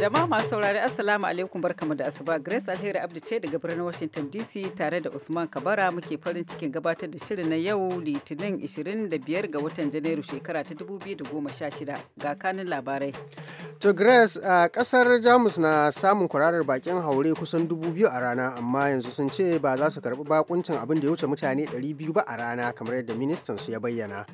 Jama'a masu saurari Assalamu alaikum barkamu da asuba Grace Alheri Abdu ce daga birnin Washington DC tare da Usman Kabara muke farin cikin gabatar da shirin na yau Litinin 25 ga watan Janairu shekara ta 2016 ga kanin labarai. To Grace a kasar Jamus na samun kwararar bakin haure kusan 2000 a rana amma yanzu sun ce ba za su karbi bakuncin abin da ya wuce mutane 200 ba a rana kamar yadda ministan su ya bayyana.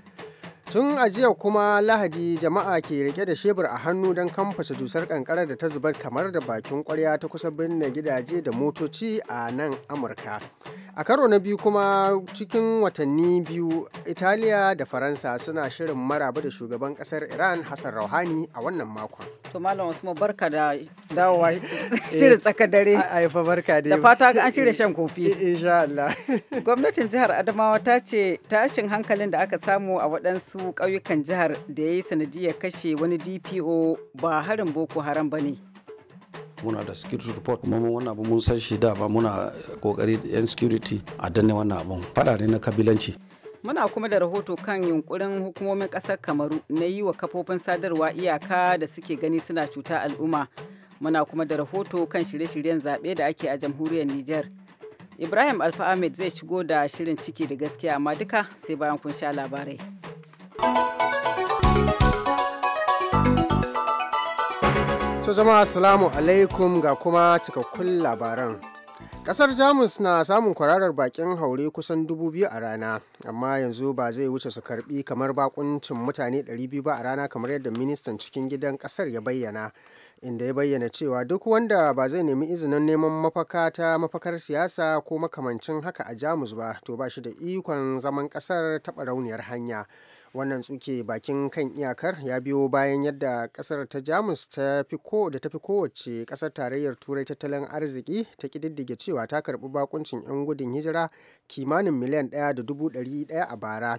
tun a jiya kuma lahadi jama'a ke rike da shebur a hannu don kamfasa dusar kankarar da ta zubar kamar da bakin kwarya ta kusa binne gidaje da motoci a nan amurka a karo na biyu kuma cikin watanni biyu italiya da faransa suna shirin maraba da shugaban kasar iran hassan rauhani a wannan makon to malam wasu barka da dawowa eh, shirin tsakar dare barka da fata an shirya shan kofi eh, insha Allah gwamnatin jihar adamawa ta ce tashin hankalin da aka samu a waɗansu wasu ƙauyukan jihar da ya yi sanadiyar kashe wani dpo ba harin boko haram ba ne muna da security report kuma mun wannan abun mun san shi da ba muna kokari yan security a danne wannan abun fada ne na kabilanci muna kuma da rahoto kan yunkurin hukumomin kasar kamaru na yi wa kafofin sadarwa iyaka da suke gani suna cuta al'umma muna kuma da rahoto kan shirye-shiryen zaɓe da ake a jamhuriyar niger ibrahim alfa ahmed zai shigo da shirin ciki da gaskiya amma duka sai bayan kun sha labarai To zama assalamu alaikum ga kuma cikakkun labaran. Kasar Jamus na samun kwararar bakin haure kusan dubu biyu a rana, amma yanzu ba zai wuce su karbi kamar bakuncin mutane 200 ba a rana kamar yadda ministan cikin gidan kasar ya bayyana. inda ya bayyana cewa duk wanda ba zai nemi izinin neman mafaka ta mafakar siyasa ko makamancin haka a jamus ba to ba shi da ikon zaman kasar taɓa rauniyar hanya wannan tsuke bakin kan iyakar ya biyo bayan yadda kasar ta jamus ta fi ko da ta fi kowace kasar tarayyar turai tattalin arziki ta kididdige cewa ta karbi bakuncin 'yan gudun hijira kimanin miliyan ɗaya da dubu ɗari ɗaya a bara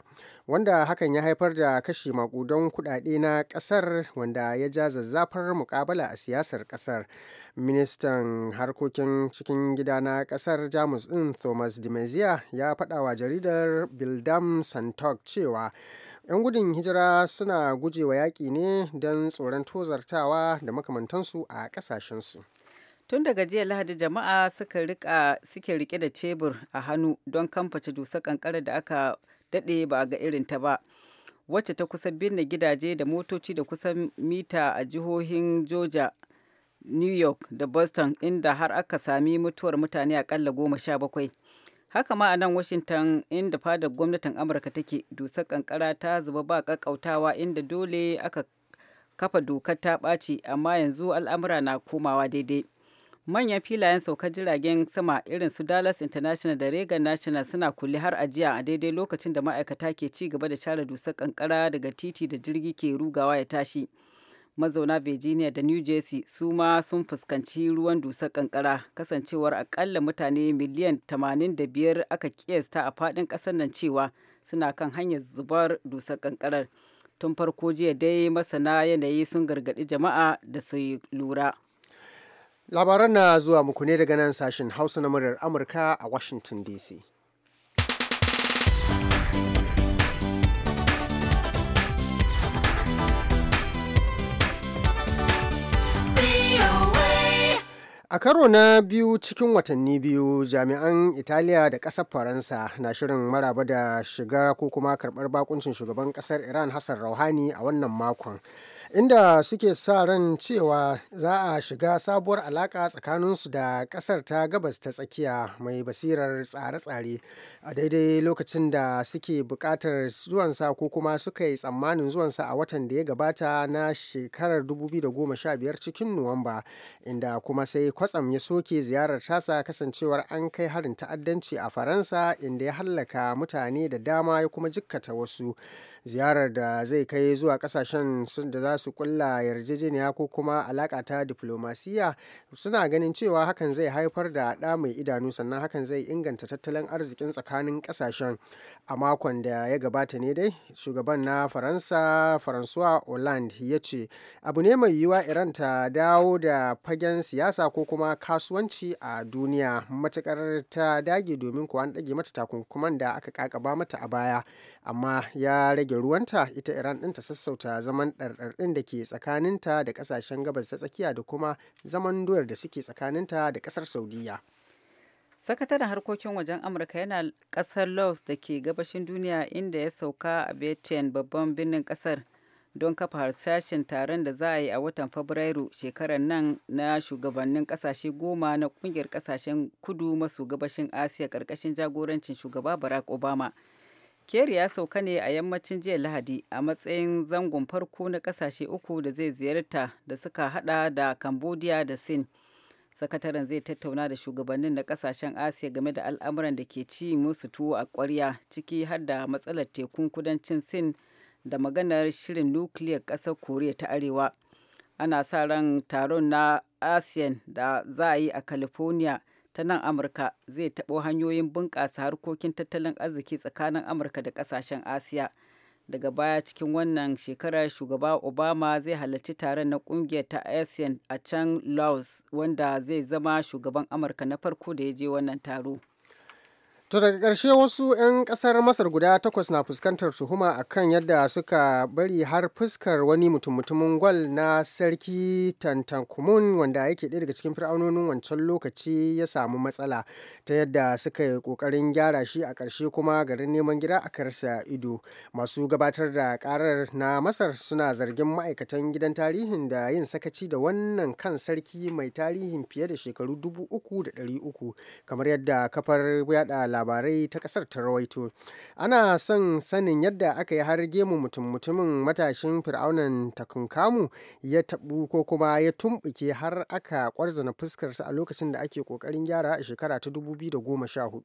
wanda hakan ya haifar da kashe makudan kudade na kasar wanda ya ja zazzafar mukabala a siyasar kasar ministan harkokin cikin gida na kasar jamus din thomas de ya faɗa wa jaridar bildam santok cewa 'yan gudun hijira suna gujewa yaƙi ne don tsoron tozartawa da makamantansu a ƙasashensu tun daga jiya lahadi jama'a suka rika suke rike da cebur a hannu don kamface dusa kankara da aka daɗe ba ga irin ta ba wacce ta kusa binne gidaje da motoci da kusan mita a jihohin georgia new york da boston inda har aka sami mutuwar mutane akalla goma sha bakwai haka ma a nan washington inda fadar gwamnatin amurka take dusar kankara ta zuba ba kakkautawa inda dole aka kafa dokar ta ɓaci amma yanzu al'amura na komawa daidai manyan filayen saukar jiragen sama irin su dallas international da reagan national suna kulle har ajiya a daidai lokacin da ma'aikata ke ci gaba da share dusar kankara daga titi da jirgi ke rugawa ya tashi mazauna virginia da new jersey su ma sun fuskanci ruwan dusar kankara kasancewar akalla mutane miliyan 85 aka kiyasta a fadin kasar nan cewa suna kan hanyar zubar dusar kankarar tun farko jiya dai masana yanayi sun gargaɗi jama'a da su lura labaran na zuwa muku ne daga nan sashen hausa na muryar amurka a washington dc A karo na biyu cikin watanni biyu jami'an Italiya da ƙasar Faransa na shirin maraba da shiga ko kuma karɓar bakuncin shugaban ƙasar Iran Hassan Rouhani a wannan makon. inda suke sa ran cewa za a shiga sabuwar alaka tsakaninsu da kasar ta gabas ta tsakiya mai basirar tsare-tsare a daidai lokacin da suke bukatar zuwansa ko kuma suka yi tsammanin zuwansa a watan da ya gabata na shekarar 2015 cikin nuwamba inda kuma sai kwatsam ya soke ziyarar tasa kasancewar an kai harin ta'addanci a faransa inda ya hallaka mutane da dama ya kuma jikkata wasu ziyarar da zai kai zuwa kasashen sun da za su kulla yarjejeniya ko kuma alaka ta diplomasiya suna ganin cewa hakan zai haifar da ɗa mai idanu sannan hakan zai inganta tattalin arzikin tsakanin kasashen a makon da ya gabata ne dai shugaban na faransa faransuwa holland ya ce abu ne mai yiwuwa iran ta dawo da fagen siyasa ko kuma kasuwanci a duniya matukar ta dage domin kuwa an ɗage mata takunkuman da aka kakaba mata a baya amma ya rage da ruwanta ita iran ɗin ta sassauta zaman ɗarɗarɗin da ke tsakaninta da ƙasashen gabas ta tsakiya da kuma zaman doyar da suke tsakaninta da ƙasar saudiya sakataren harkokin wajen amurka yana ƙasar laos da ke gabashin duniya inda ya sauka a beten babban birnin ƙasar don kafa harsashen taron da za a yi a watan fabrairu shekarar nan na shugabannin kasashe goma na kungiyar kasashen kudu maso gabashin asiya karkashin jagorancin shugaba barack obama Kerry ya sauka ne a yammacin jiya Lahadi a matsayin zangon farko na kasashe uku da zai ziyarta da suka hada da Cambodia da Sin. Sakataren zai tattauna da shugabannin na kasashen Asiya game da al'amuran da ke ci musu tuwo a ƙwarya ciki har da matsalar tekun kudancin Sin da maganar shirin nukiliyar ƙasar Koriya ta Arewa. Ana sa ran taron na ASEAN da za a yi a California. ta nan Amurka zai taɓo hanyoyin bunƙasa harkokin tattalin arziki tsakanin Amurka da ƙasashen Asiya. Daga baya cikin wannan shekarar shugaba Obama zai halarci taron na ƙungiyar ta ASEAN a can Laos wanda zai zama shugaban Amurka na farko da ya je wannan taro. To daga ƙarshe wasu 'yan ƙasar Masar guda takwas na fuskantar tuhuma a kan yadda suka bari har fuskar wani mutum-mutumin gwal na sarki Tantankumun wanda yake daya daga cikin fir'aunonin wancan lokaci ya samu matsala ta yadda suka yi ƙoƙarin gyara shi a ƙarshe kuma garin neman gida a karsa ido. Masu gabatar da ƙarar na Masar suna zargin ma'aikatan gidan tarihin da yin sakaci da wannan kan sarki mai tarihin fiye da shekaru dubu uku da ɗari uku kamar yadda kafar yaɗa labarai ta kasar ta rawaito ana son sanin yadda aka yi har gemu mutum mutumin matashin fir'aunan takunkamu ya tabu ko kuma ya tumbuke har aka kwarzana fuskarsa a lokacin da ake kokarin gyara a shekara ta 2014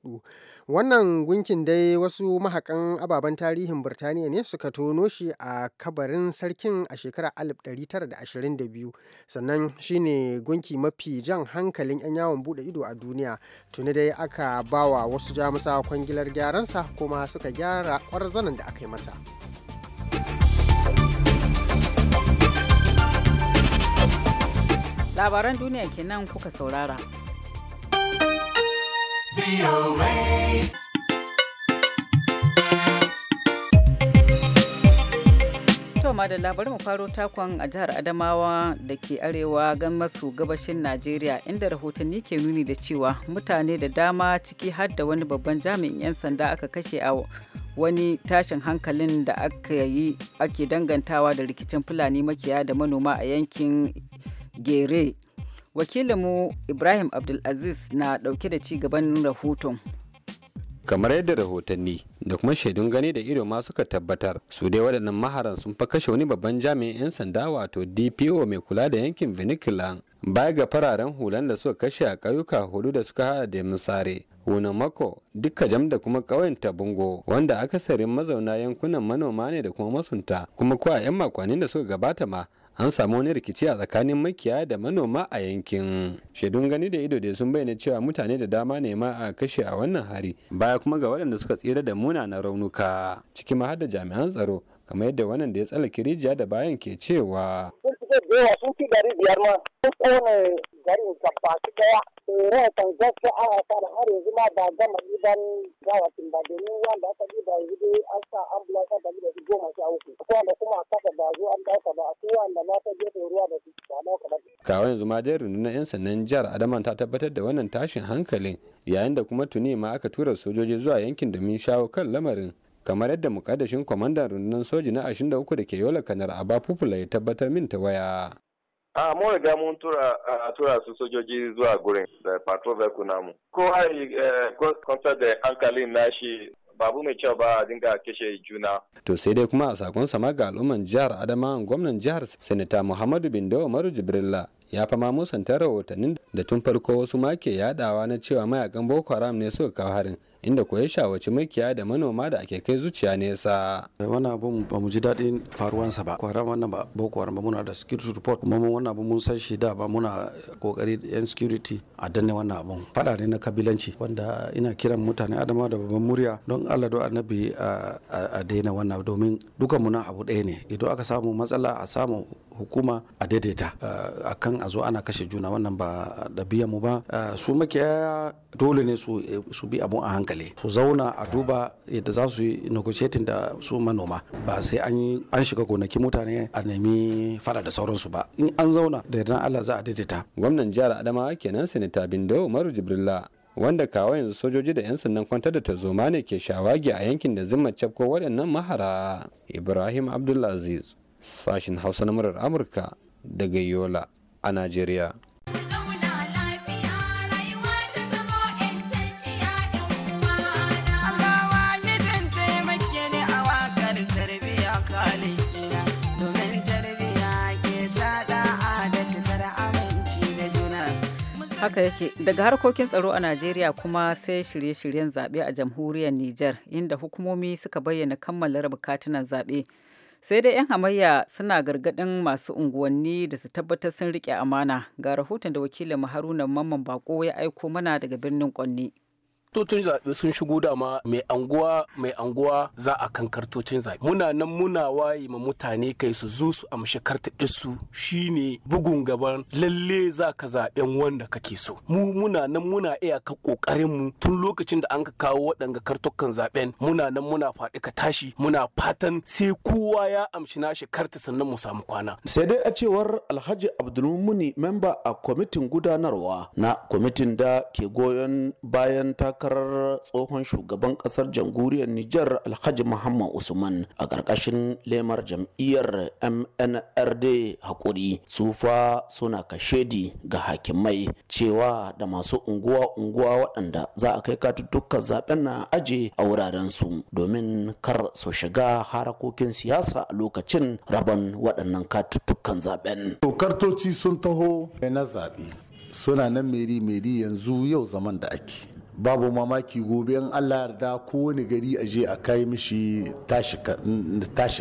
wannan gunkin dai wasu mahakan ababen tarihin birtaniya ne suka tono shi a kabarin sarkin a shekara 1922 sannan shine gunki mafi jan hankalin 'yan yawon bude ido a duniya tuni dai aka bawa wasu jamusawa kwangilar gyaransa kuma suka gyara zanen da aka yi masa labaran duniya kenan kuka saurara. To da bari mu faro takon a jihar Adamawa da ke arewa gan masu gabashin Najeriya inda rahotanni ke nuni da cewa mutane da dama ciki har da wani babban jami'in 'yan sanda aka kashe a wani tashin hankalin da aka yi ake dangantawa da rikicin Fulani makiya da manoma a yankin Gere. Wakilinmu Ibrahim Abdulaziz na dauke da ci gaban rahoton. kamar yadda rahotanni da kuma shaidun gani da ido ma suka tabbatar su dai waɗannan maharan sun fa kashe wani babban jami'in 'yan sanda wato dpo mai kula da yankin vinikilan baya ga fararen hulan da suka kashe a ƙauyuka hudu da suka hada da misare mako dukka jam da kuma ƙauyen tabungo wanda aka akasarin mazauna yankunan manoma ne da kuma masunta kuma kuwa 'yan makonnin da suka gabata ma an samu wani rikici a tsakanin makiya da manoma a yankin shaidun gani da ido da sun bayyana cewa mutane da dama ne ma a kashe a wannan hari baya kuma ga waɗanda suka tsira da munanan raunuka Cikin mahadda jami'an tsaro kamar yadda wannan da ya tsallake rijiya da bayan ke cewa yawa sun fi gari biyar ma sun kone garin gabaki daya tsere kan gaskiya ana sa da har yanzu ma ba gama idan gawatin ba domin wanda aka ji ba yanzu dai an sa ambulance da mila su goma sha uku akwai wanda kuma a kasa ba zo an dauka ba akwai wanda na ta gefe ruwa da su ba dauka kamar kawo yanzu ma dai rundunar 'yan sannan jihar adaman ta tabbatar da wannan tashin hankalin yayin da kuma tuni ma aka tura sojoji zuwa yankin domin shawo kan lamarin kamar yadda mukaddashin kwamandan rundunar soji na 23 da ke yola kanar aba fufula ya tabbatar min ta waya a mun riga mun tura su sojoji zuwa gurin da patrol vehicle namu ko hari eh, kwantar da hankalin nashi babu mai kyau ba a dinga kashe juna. To sai dai kuma a sakon sama ga al'umman jihar Adama gwamnan jihar Sanata Muhammadu Bindo maru Jibrilla ya fama musanta rahotannin da tun farko wasu ma ke yadawa na cewa mayakan Boko Haram ne suka kawo harin inda ko ya shawarci makiya da manoma da ake kai zuciya nesa. wannan abun ba mu ji daɗin faruwansa ba kwaran wannan ba boko haram ba muna da security report kuma wannan abun mun san shi da ba muna kokari yan security a danne wannan abun fada ne na kabilanci wanda ina kiran mutane adama da babban murya don Allah do annabi a daina wannan domin dukanmu na abu ɗaya ne idan aka samu matsala a samu hukuma a daidaita a kan a zo ana kashe juna wannan ba da mu ba su makiyaya dole ne su bi abun a hankali hankali su zauna a duba yadda za su yi negotiating da su manoma ba sai an an shiga gonaki mutane a nemi fada da sauransu ba in an zauna da yadda Allah za a daidaita gwamnan jihar Adamawa kenan senator Bindo Umaru Jibrilla wanda kawo yanzu sojoji da 'yan sandan kwantar da tarzoma ne ke shawagi a yankin da zimma cafko waɗannan mahara ibrahim abdulaziz sashin hausa na murar amurka daga yola a najeriya haka yake daga harkokin tsaro a najeriya kuma sai shirye-shiryen zaɓe a jamhuriyar niger inda hukumomi suka bayyana kammala raba katunan zaɓe sai dai 'yan hamayya suna gargaɗin masu unguwanni da su tabbatar sun riƙe amana ga rahoton da wakilin haruna mamman bako ya aiko mana daga birnin kwanni tun zaɓe sun shigo dama mai anguwa mai anguwa za a kan kartocin zaɓe muna nan muna waye ma mutane kai su zo su amshi karta kartaɗinsu shine bugun gaban lalle za ka zaɓen wanda kake so mu muna nan muna iya ka ƙoƙarin mu tun lokacin da an ka kawo waɗanga kartukan zaɓen muna nan muna faɗi ka tashi muna fatan sai kowa ya amshi shi karta sannan mu samu kwana sai dai a cewar alhaji abdulmuni memba a kwamitin gudanarwa na kwamitin da ke goyon bayan taka takarar tsohon shugaban kasar jamhuriyar Nijar Alhaji Muhammad Usman a ƙarƙashin lemar jam'iyyar MNRD hakuri sufa suna kashedi ga hakimai cewa da masu unguwa-unguwa waɗanda za a kai katuttukan zaben na aje a wuraren su domin kar su shiga harakokin siyasa a lokacin rabon waɗannan katuttukan zaben. Tokartoci sun taho na zaɓe suna nan meri meri yanzu yau zaman da ake babu mamaki gobe in allah yarda kowane gari a je a kai mishi tashi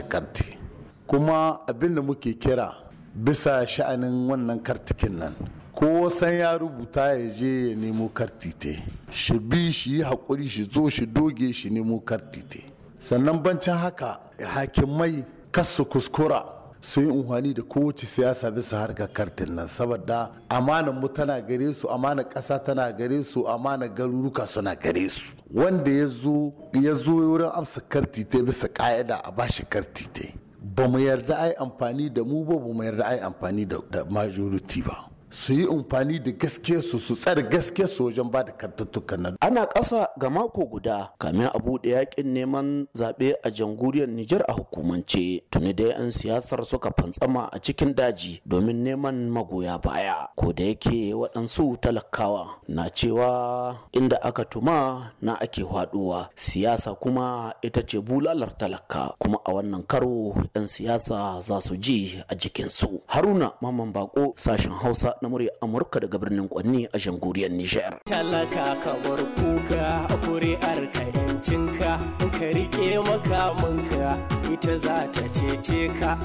karti kuma abinda muke kira bisa sha'anin wannan kartikin nan ko san ya rubuta ya je ya nemo kartite shi bi shi yi haƙuri shi zo shi doge shi nemo kartite sannan bancin haka hakimai kasu kuskura su yi unhwani da kowace siyasa bisa harkar kartin nan saboda amanan mu tana gare su amanan ƙasa tana gare su amanan garuruka suna gare su wanda ya zo ya wurin amsa karti ta bisa ƙa'ida a bashi karti ta ba mu yarda ai amfani da mu ba ba mu yarda ai amfani da majority ba su yi amfani da gaske su su tsare gaske su wajen ba da kantattukan nan ana ƙasa ga mako guda kamin a buɗe yakin neman zaɓe a jamhuriyar Nijar a hukumance tuni dai 'yan siyasar suka fantsama a cikin daji domin neman magoya baya ko da yake waɗansu talakawa na cewa inda aka tuma na ake haɗuwa siyasa kuma ita ce bulalar talaka kuma a wannan karo 'yan siyasa za su ji a jikinsu haruna maman bako sashen hausa na murya Amurka daga birnin Kwanni a jamhuriyar Nijar. Talaka ka bar kuka kuri'ar ka yancinka ka rike makamanka ita za ta cece ka.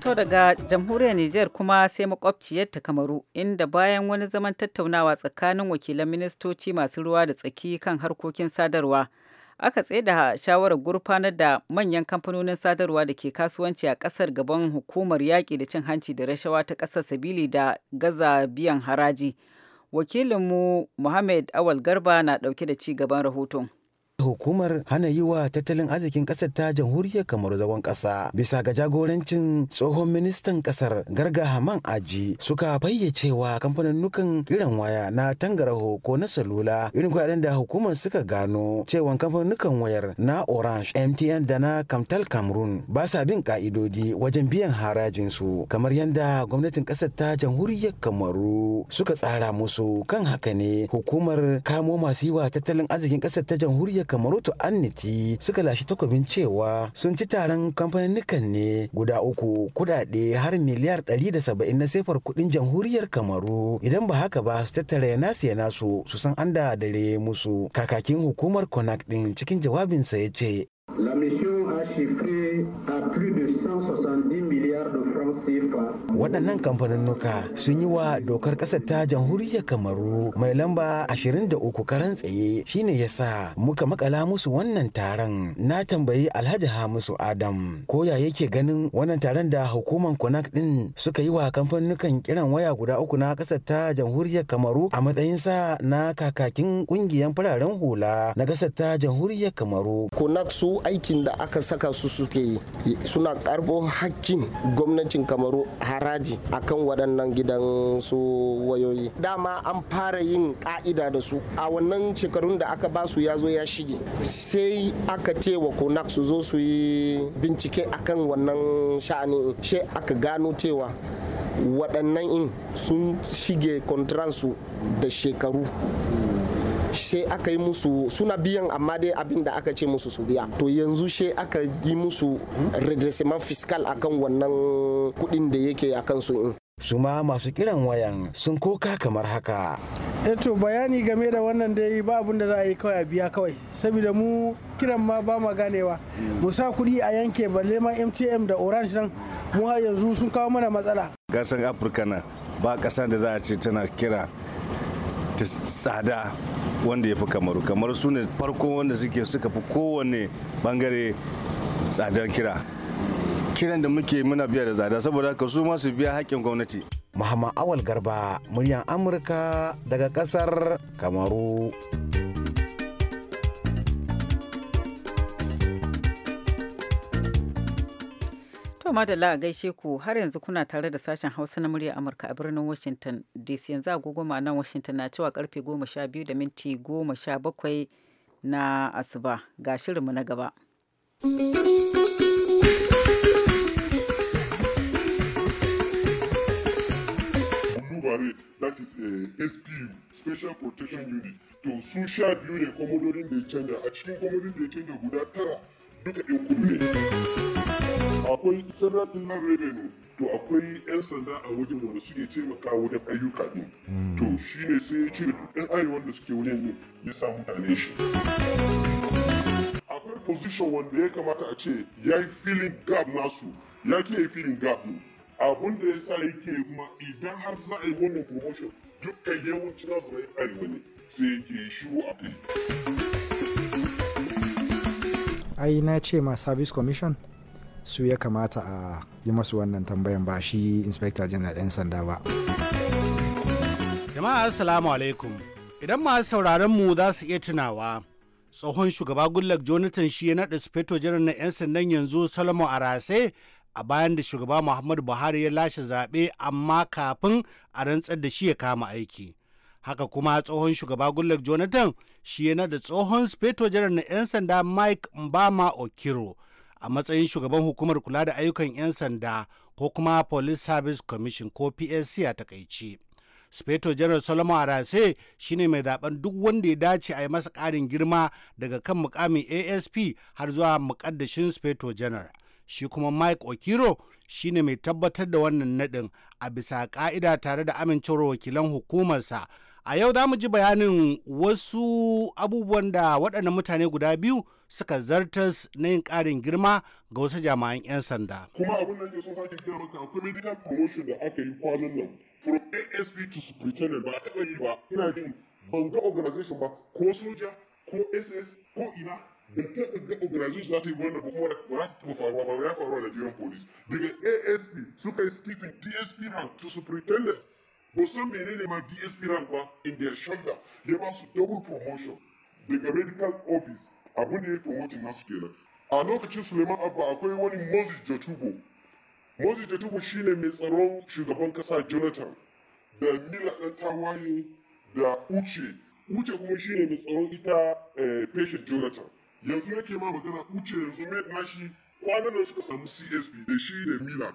To daga jamhuriyar Nijar kuma sai makwabciyar ta Kamaru inda bayan wani zaman tattaunawa tsakanin wakilan ministoci masu ruwa da tsaki kan harkokin sadarwa. aka da shawarar gurfanar da manyan kamfanonin sadarwa da ke kasuwanci a kasar gaban hukumar yaƙi da cin hanci da rashawa ta ƙasar sabili da gaza biyan haraji wakilinmu muhammad awal garba na ɗauke da ci gaban rahoton Hukumar hana yi wa tattalin arzikin ƙasar ta jamhuriyar Kamaru zagon ƙasa bisa ga jagorancin tsohon ministan ƙasar Garga Haman Aji suka fayyacewa kamfaninnukan kiran waya na tangaraho ko na salula irin kuɗaɗen da hukumar suka gano cewa nukan wayar na Orange MTN da na Kamtal Cameroon ba sa bin ƙa'idodi wajen biyan harajin su kamar yadda gwamnatin ƙasar ta jamhuriyar Kamaru suka tsara musu kan haka ne hukumar kamo masu yi wa tattalin arzikin ƙasar ta jamhuriyar kamarutu anniti suka lashe takobin cewa sun ci taron kamfanin kamfaninnikan ne guda uku kudade har miliyar saba'in na sefar kudin jamhuriyar kamaru idan ba haka ba su tattara nasu ya nasu su san an da dare musu kakakin hukumar konak din cikin jawabinsa ya ce La mission a chiffré à plus de 170 milliards de francs CFA. Waɗannan kamfaninnuka sun yi wa dokar ƙasar ta jamhuriyar Kamaru mai lamba 23 karan tsaye shine yasa muka makala musu wannan taron. Na tambayi Alhaji Hamisu Adam ko ya yake ganin wannan taron da hukumar Konak din suka yi wa kamfaninnukan kiran waya guda uku na ƙasar ta jamhuriyar Kamaru a matsayin sa na kakakin ƙungiyar fararen hula na ƙasar ta jamhuriyar Kamaru. Konak su aikin da aka saka su suke yi suna karbo hakkin gwamnatin kamaru haraji akan waɗannan gidan su wayoyi dama an fara yin ka'ida da su a wannan shekarun da aka ba su ya zo ya shige sai aka ce wa konak su zo su yi bincike akan wannan sha'ani sai aka gano cewa waɗannan in sun shige kontransu da shekaru sai aka yi musu suna biyan amma dai abin da aka ce musu su biya to yanzu she aka yi musu redressement fiscal akan wannan kudin da yake akan su in su ma masu kiran wayan sun koka kamar haka. eto eh bayani game da wannan yi ba abin da za a yi kawai a biya kawai saboda mu kiran ma ba ma ganewa mu sa kuɗi a yanke balle ma mtm da orange nan mu har yanzu sun kawo mana matsala gasan afirka na ba ƙasa da za a ce tana kira ta tsada wanda ya fi kamaru kamar su ne farko wanda suke suka fi kowane bangare tsadar kira kiran da muke muna biya da tsada saboda haka su masu biya haƙƙin gwamnati muhammad awal garba muryan amurka daga ƙasar kamaru To madalla a gaishe ku har yanzu kuna tare da sashen Hausa na murya Amurka a birnin Washington DC yanzu agogo nan Washington na cewa karfe 12 da minti 17 na asuba ga shirinmu na gaba. that is a eh, SPU, Special Protection Unit, to sun sha biyu ne komodorin da ya canja a cikin komodorin da ya canja guda tara duka ɗin ne. akwai sarrafin nan revenue to akwai 'yan sanda a wajen wanda suke taimaka wajen ayyuka ne to hmm. shi ne sai ya ce duk 'yan arewa da suke wajen ne ya sa mutane shi akwai position wanda ya kamata a ce ya yi filin gap nasu ya ke yi filin gap ne abun da ya sa yake kuma idan har za a yi wannan promotion dukkan yawancin nasu na arewa ne sai yake shiru a kai ai na ce ma service commission su ya kamata a yi masu wannan tambayan ba shi inspector general 'yan sanda ba jama'a assalamu alaikum idan masu sauraron mu za su iya tunawa tsohon shugaba gullak jonathan shi ya naɗa sufeto janar na 'yan sandan yanzu salomo arase a bayan da shugaba muhammadu buhari ya lashe zaɓe amma kafin a rantsar da shi ya kama aiki haka kuma tsohon shugaba gullak jonathan shi ya naɗa tsohon sufeto janar na 'yan sanda mike mbama okiro a matsayin shugaban hukumar kula da ayyukan 'yan sanda ko kuma police service commission ko psc a takaici. speto general solomon arase shine mai zaben duk wanda ya dace a yi masa karin girma daga kan mukamin asp har zuwa mukaddashin speto general shi kuma mike okiro shine mai tabbatar da wannan nadin a bisa ka'ida tare da amincewar wakilan hukumarsa A yau za mu ji bayanin wasu abubuwan da waɗannan mutane guda biyu suka zartas na yin ƙarin girma ga wasu jama'an 'yan sanda. Kuma abin da ke so sake gina maka akwai medical promotion da aka yi kwanan nan from ASP to superintendent ba a taɓa yi ba ina jin ban ga organization ba ko soja ko SS ko ina da taɓa ga organization za ta yi wannan ba kuma ba za ta taɓa faruwa ba ya faruwa da jiran police daga ASP suka yi skipping DSP rank to superintendent ba san menene ma dsp rank ba in their shoulder ya ba su double promotion daga medical office abu da ya promoting nasu kenan a lokacin suleiman abba akwai wani moses jatubo moses jatubo shine mai tsaron shugaban kasa jonathan da mila ɗan tawaye da uche uche kuma shine mai tsaron ita eh, patient jonathan yanzu yake ma magana uche yanzu mai nashi kwanan da suka samu csp da shi da mila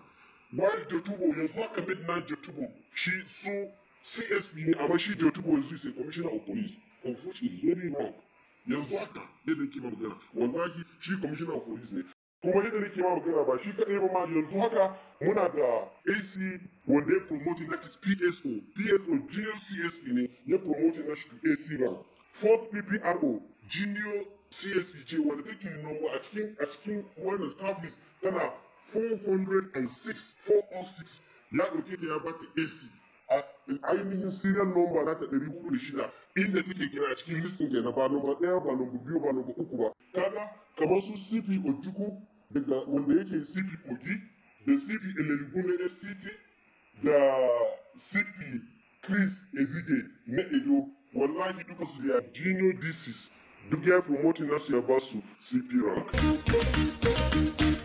Malik Jotubo yanzu haka midnight Jotubo shi su CSP ne amma shi Jotubo yanzu sai commissioner of police of which is very wrong. Yanzu haka yadda nake ma magana wallahi shi commissioner of police ne kuma yadda nake ma magana ba shi kaɗai ba ma yanzu haka muna da AC wanda ya promoting that is PSO PSO junior CSP ne ya promoting na shi AC rank fourth PPRO junior CSP ce wanda take yi a cikin a cikin wannan staff list tana 406 406 ya ɗauke da ya ba AC a ainihin serial number na ta ɗari hudu shida inda take kira a cikin listin ke na ba number ɗaya ba number biyu ba number uku ba kaga kamar su CP Ojuku daga wanda yake CP Oji da CP Eleligume City da CP Chris Ezide na Edo wallahi duka su da Gino Disis duk ya promoting nasu ya ba su CP rank.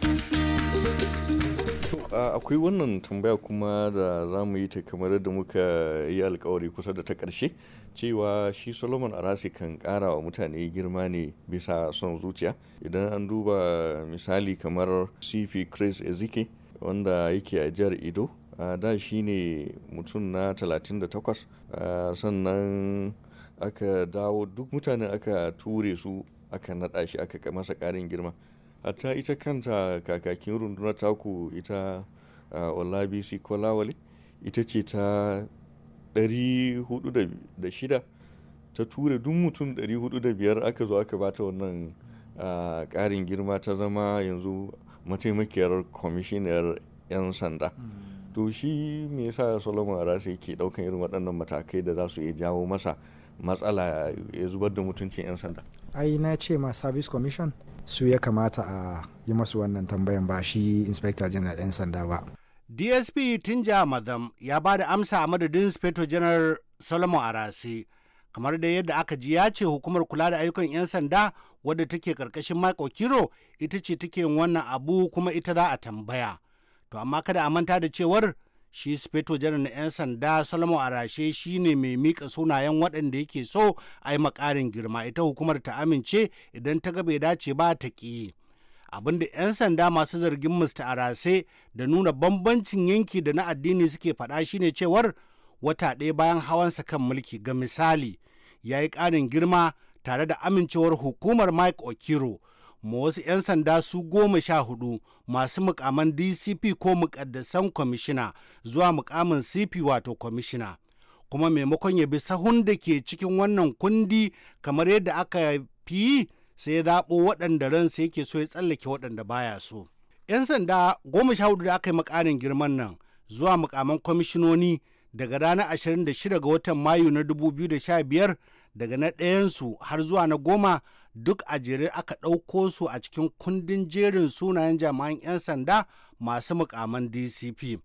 akwai wannan tambaya kuma da za mu yi ta kamar da muka yi alkawari kusa da ta ƙarshe cewa shi solomon arasi kan ƙara wa mutane girma ne bisa son zuciya idan an duba misali kamar cp chris ezike wanda yake a jihar ido da shi ne mutum na 38 sannan aka dawo duk mutane aka ture su aka naɗa shi aka masa ƙarin girma hatta ita kanta kakakin rundunar taku ita bc kolawale ita ce ta 406 ta tura duk mutum 405 aka zo aka bata wannan ƙarin girma ta zama yanzu mataimakiyar kwamishinar 'yan sanda hmm. to shi me yasa solomon arasa yake daukan irin waɗannan matakai da za su iya jawo masa matsala ya zubar da mutuncin 'yan sanda ai na ce ma service commission su ya kamata a yi masu wannan tambayan ba shi inspector general 'yan sanda ba dsp tinja madam ya ba da amsa a madadin inspector general solomon arasi kamar da yadda aka ji ya ce hukumar kula da ayyukan 'yan sanda wadda take karkashin mike okiro ita ce take wannan abu kuma ita za a tambaya to amma kada a manta da cewar shi speto janar na 'yan sanda salmo arashe shi ne mai mika sunayen waɗanda yake so a yi makarin girma ita hukumar ta amince idan ta ga bai dace ba ta ƙi abinda 'yan sanda masu zargin mr arase da nuna bambancin yanki da na addini suke faɗa shine cewar wata ɗaya bayan hawansa kan mulki ga misali ya yi ƙarin girma tare da amincewar hukumar mike okiro ma wasu 'yan sanda su goma sha hudu masu mukaman dcp ko mukaddasan kwamishina zuwa mukamin cp wato kwamishina kuma maimakon ya bi sahun da ke cikin wannan kundi kamar yadda aka fi sai ya zaɓo waɗanda ransa yake so ya tsallake waɗanda baya so 'yan sanda goma sha hudu da aka yi mukanin girman nan zuwa mukaman kwamishinoni daga ranar 26 ga watan mayu na 2015 daga na ɗayansu har zuwa na goma duk a jere aka ɗauko su a cikin kundin jerin sunayen jami'an 'yan sanda masu mukaman dcp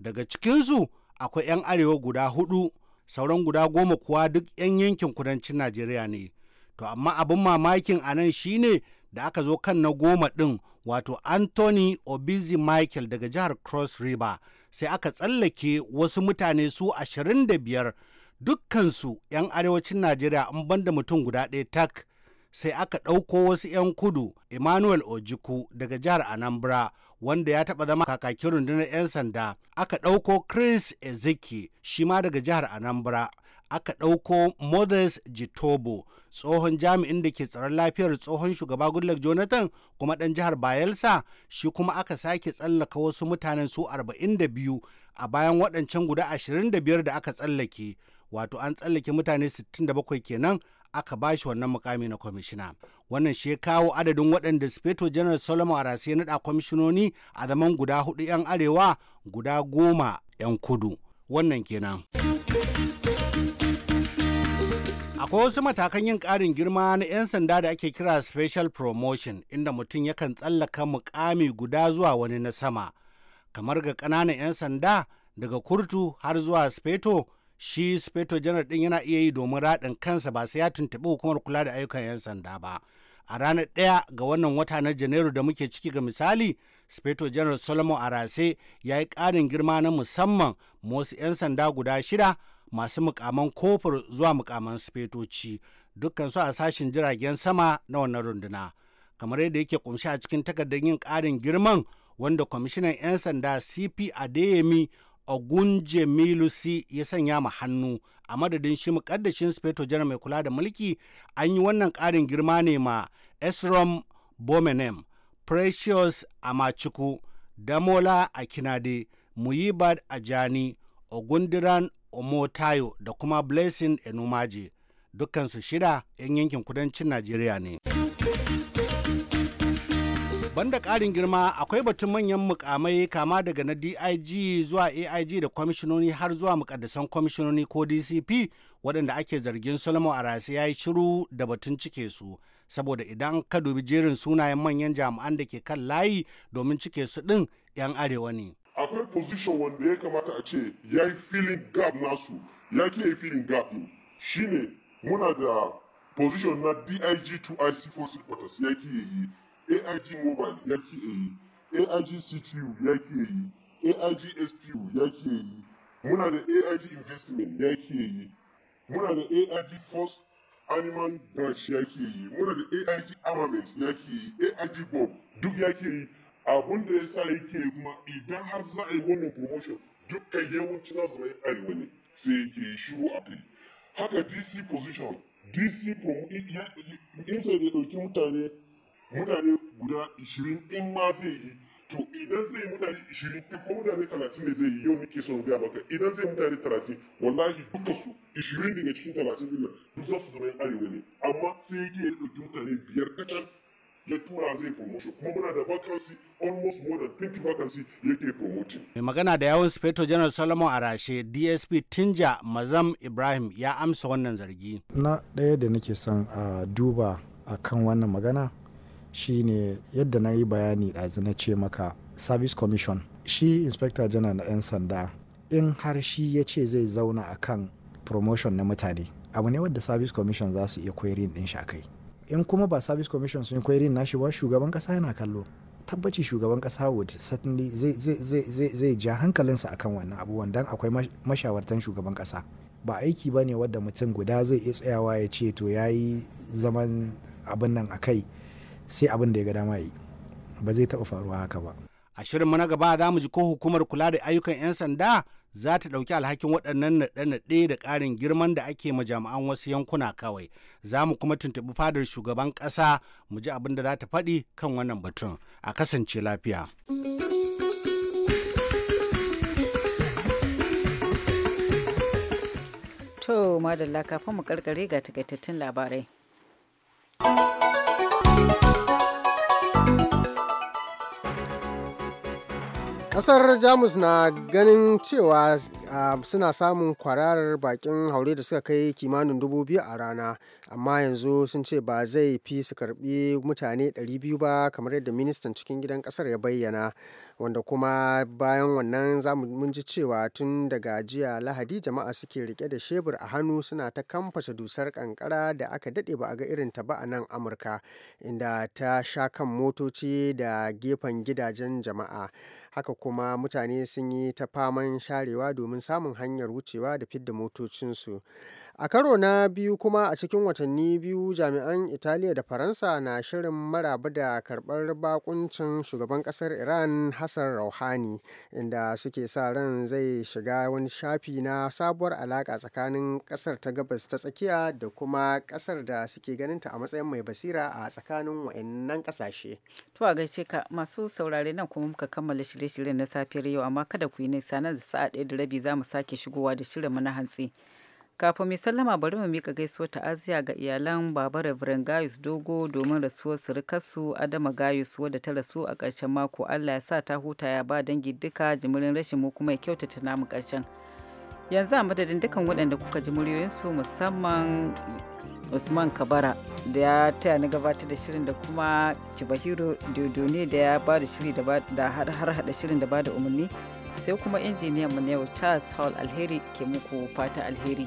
daga cikinsu akwai 'yan arewa guda hudu sauran guda goma kuwa duk 'yan yankin kudancin najeriya ne to amma abin mamakin a nan shine da aka zo kan na goma ɗin wato anthony obizi michael daga jihar cross river sai aka tsallake wasu mutane su 25 dukkansu 'yan arewacin najeriya in banda mutum guda ɗaya tak sai aka ɗauko wasu 'yan kudu emmanuel ojiku daga jihar anambra wanda ya taɓa zama kakakin rundunar 'yan sanda aka ɗauko chris ezeki shi ma daga jihar anambra aka ɗauko Moses Jitobo tsohon jami'in da ke tsaron lafiyar tsohon shugaba Goodluck Jonathan kuma ɗan jihar Bayelsa shi kuma aka sake tsallaka wasu mutanen su 42 a bayan waɗancan guda 25 da aka tsallake wato an tsallake mutane 67 kenan aka ba shi wannan mukami na kwamishina wannan shi ya kawo adadin waɗanda speto general solomon arasi ya naɗa kwamishinoni a zaman guda hudu 'yan arewa guda goma 'yan kudu wannan kenan akwai wasu matakan yin ƙarin girma na 'yan sanda da ake kira special promotion inda mutum yakan tsallaka mukami guda zuwa wani na sama kamar ga ƙananan 'yan sanda daga kurtu har zuwa speto shi speto janar din yana iya yi domin raɗin kansa ba sai ya tuntuɓi hukumar kula da ayyukan 'yan sanda ba a ranar ɗaya ga wannan wata na janairu da muke ciki ga misali speto janar solomon arase ya yi ƙarin girma na musamman wasu 'yan sanda guda shida masu mukaman kofar zuwa mukaman sufetoci dukkansu a sashen jiragen sama na wannan runduna kamar yadda yake kumshi a cikin takardar yin ƙarin girman wanda kwamishinan 'yan sanda cp adeyemi ogunje milusi ya sanya ma hannu a madadin shi mukaddashin speto janar mai kula da mulki an yi wannan karin girma ne ma esrom bomenem precious amachuku damola akinade muyibad ajani ogundiran omotayo da kuma blessing enumaje dukkansu shida 'yan yankin kudancin najeriya ne. banda karin girma akwai batun manyan mukamai kama daga na dig zuwa aig da kwamishinoni har zuwa mukaddasan kwamishinoni ko dcp waɗanda ake zargin solomon arasi ya yi shiru da batun cike su saboda idan ka dubi jerin sunayen manyan jami'an da ke kan layi domin cike su ɗin 'yan arewa ne akwai position wanda ya kamata a ce ya yi filin gap nasu ya ke yi filin gap ne muna da position na dig to ic forces ya ke yi aig mobile ya ke yi aig ctu ya ke yi aig spu ya ke yi muna da aig investment ya ke yi muna da aig first animal branch ya ke yi muna da aig armament ya ke yi aig bob duk ya ke yi abun da ya sa yake kuma idan har za a yi wannan promotion dukkan yawancin zama ya arewa wani sai yake shiru a kai haka dc position dc promotion in sai da ɗauki mutane mutane guda ishirin in ma zai yi to idan zai mutane ishirin in ko mutane talatin ne zai yi yau nake son gaya maka idan zai mutane talatin wallahi duka su ishirin daga cikin talatin ne duk za su zama yan arewa ne amma sai yake ya ɗauki mutane biyar kacal ya tura zai promotion kuma muna da vacancy almost more than 20 vacancy yake promoting. mai magana da yawon spato general solomon arashe dsp tinja mazam ibrahim ya amsa wannan zargi na ɗaya da nake son a ah, duba a kan wannan magana shine yadda na yi bayani ɗazu na ce maka service commission shi inspector general na 'yan sanda in har shi ya ce zai zauna a kan promotion na mutane abu ne wadda service commission za su iya kwairin din shi a kai in kuma ba service commission sun na nashi ba shugaban ƙasa yana kallo tabbaci shugaban kasa wood certainly zai ja hankalinsa akan wannan abubuwan dan akwai mashawartan shugaban kasa ba aiki ba ne wadda mutum guda zai iya tsayawa ya ce to ya yi zaman abin nan a kai sai abin da ya ga dama yi ba zai taɓa faruwa haka ba a shirin na gaba za mu ji ko hukumar kula da ayyukan 'yan sanda za ta ɗauki alhakin waɗannan naɗe-naɗe da ƙarin girman da ake ma jami'an wasu yankuna kawai za mu kuma tuntuɓi fadar shugaban ƙasa mu ji abin da za ta faɗi kan wannan batun a kasance lafiya. To madalla kafin mu karkare ga takaitattun labarai. kasar jamus na ganin cewa suna samun kwararar bakin haure da suka kai kimanin dubu biyu a rana amma yanzu sun ce ba zai fi su karbi mutane 200 ba kamar yadda ministan cikin gidan kasar ya bayyana wanda kuma bayan wannan zamu mun ji cewa tun daga jiya lahadi jama'a suke rike da shebur a hannu suna ta kamfasa dusar kankara da aka dade ba a ga irin ta ba a nan amurka inda ta sha kan motoci da gefen gidajen jama'a haka kuma mutane sun yi ta faman sharewa domin samun hanyar wucewa da fidda motocinsu a karo na biyu kuma a cikin watanni biyu jami'an italiya da faransa na shirin maraba da karɓar bakuncin shugaban ƙasar iran hassan rouhani inda suke sa ran zai shiga wani shafi na sabuwar alaƙa tsakanin ƙasar ta gabas ta tsakiya da kuma ƙasar da suke ta a matsayin mai basira a tsakanin wa'annan ƙasashe to gaishe ka masu saurare nan kuma muka kammala shirin shirye shirye na safiyar yau amma kada ku yi nisa nan da sa'a ɗaya da rabi za mu sake shigowa da shirin na hantsi. Kafin mai sallama bari mu mika gaisuwar ta'aziya ga iyalan Baba Reverend Gayus Dogo domin rasuwar surukarsu Adama Gayus wadda ta rasu a ƙarshen mako Allah ya sa ta huta ya ba dangi duka jimirin rashin mu kuma ya kyautata namu ƙarshen. yanzu a madadin dukkan waɗanda kuka ji muryoyinsu musamman usman kabara da ya taya na gabatar da shirin da kuma cibahiro dodone da ya ba da shiri da har hada shirin da ba da umarni sai kuma injiniyan mu na yau charles hall alheri ke muku fata alheri